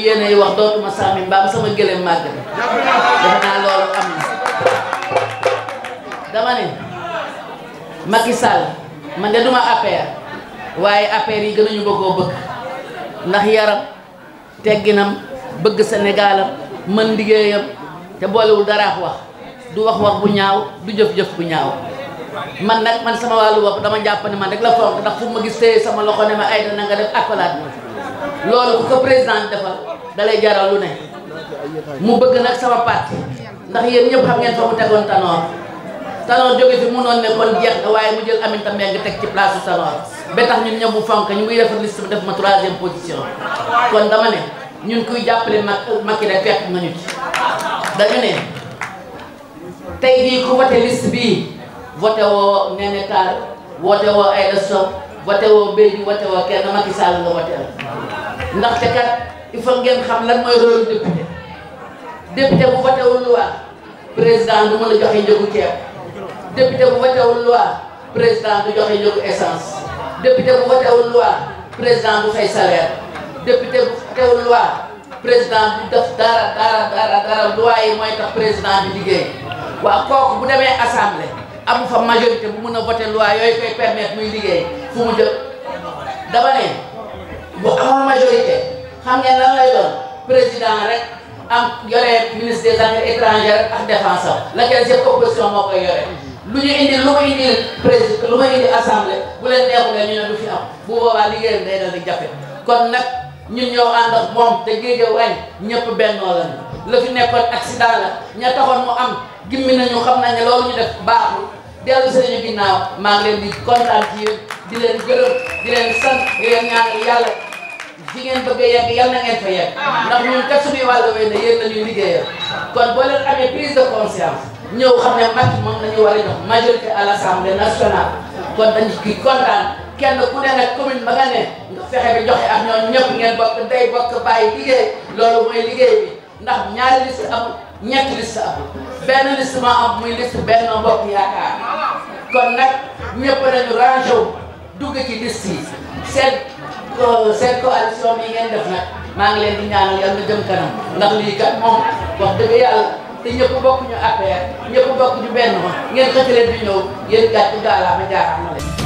yéenay wax dootuma sàmmi mbaam sama gëléem gitu. màgg na defe naa loolu am na dama ne Macky Sall man de duma APR ya? waaye APR yi gën a ñu bëggoo bëgg ndax yaram tegginam bëgg Sénégalam mën liggéeyam te boolewul daraax wax du wax wax bu ñaaw du jëf-jëf bu ñaaw man nag man sama walu bopp dama jàpp ne man rek la fonk ndax fu ma gis sama loxo ne ma ay dana nga def accolade loolu ku ko président defal dalay jaral lu ne mu bëgg nag sama parti ndax yéen ñëpp xam ngeen fa mu tegoon Tanor Tanor jóge fi munoon ne kon jeex na waaye mu jël Aminata Mbengue teg ci place su Tanor ba tax ñun ñëpp bu ñu muy defar liste bi def ma troisième position kon dama ne ñun kuy jàppale Macky Macky rek fekk nga ñu ci dañu ne tey jii ku voté liste bii voté woo Néné Tall voté woo Aïda wote woo Béji wote woo kenn Macky Sall la wote ndaxte kat il faut ngeen xam lan mooy rôle député député bu wote wul loi président du mën a joxe njëgu ceeb député bu wote président du joxe njëgu essence député bu wote wul loi président du fay salaire député bu wote wul loi président du def dara dara dara dara loi yi mooy tax président bi liggéey waa kooku bu demee assemblée. amu fa majorité bu mun a voté loi yooyu koy permettre muy liggéey fu mu jëm dama ne bu amoon majorité xam ngeen lan lay doon président rek am yore ministre des affaires étrangères ak défense am la kenn yëpp opposition moo koy yore lu ñu indi lu ma indi président lu ma indi assemblée bu leen neexulee ñu ne du fi am bu boobaa liggéeyam day dal di jafe bennoo la la fi nekkoon accident la ña taxoon mu am gimmi nañu xam nañ ne loolu ñu def baaxul dellu seen ginnaaw maa ngi leen di kontaan ci yéen di leen gërëm di leen sant di leen ñaanal yàlla fi ngeen bëgg a yegg yal na ngeen fa yegg ndax ñun kat suñuy wàllu wey ne yéen la ñuy kon boo leen amee prise de conscience ñëw xam ne Macky moom la ñu war a jox majorité à kon dañu ci kontaan kenn ku ne nag commune nga ne fexe bi joxe ak ñoom ñëpp ngeen bokk day bokk bàyyi liggéey loolu mooy liggéey bi ndax ñaari liste a ñetti liste am benn liste ma am muy liste Benno Bokk Yaakaar kon nag ñëpp nañu rangé dugg ci liste yi seen euh, seen coalition bi ngeen def nag maa ngi leen di ñaanal yàlla na jën kanam ndax lii kat moom wax dëgg yàlla te ñëpp bokk ñu APR ñëpp bokk ñu benn ma ngeen xëcc leen di ñëw yéen gàtt gaalaama jaaxal na